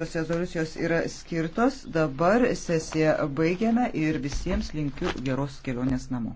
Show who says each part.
Speaker 1: Tos rezoliucijos yra skirtos, dabar sesiją baigiame ir visiems linkiu geros kelionės namo.